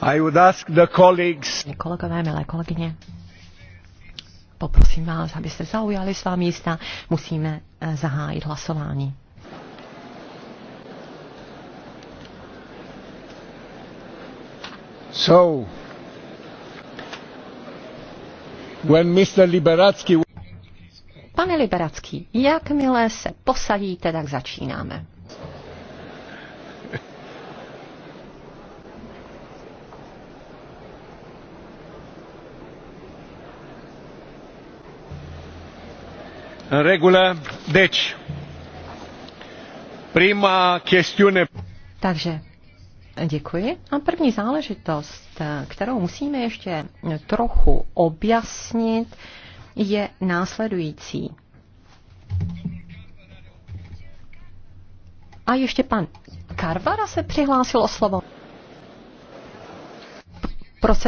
I would ask the colleagues. Kolegové, milé kolegyně, poprosím vás, abyste zaujali svá místa. Musíme eh, zahájit hlasování. So, when Mr. Liberacki... Pane Liberacký, jakmile se posadíte, tak začínáme. În regulă. Deci, prima chestiune. Takže, děkuji. A první záležitost, kterou musíme ještě trochu objasnit, je následující. A ještě pan Karvara se přihlásil o slovo. Proč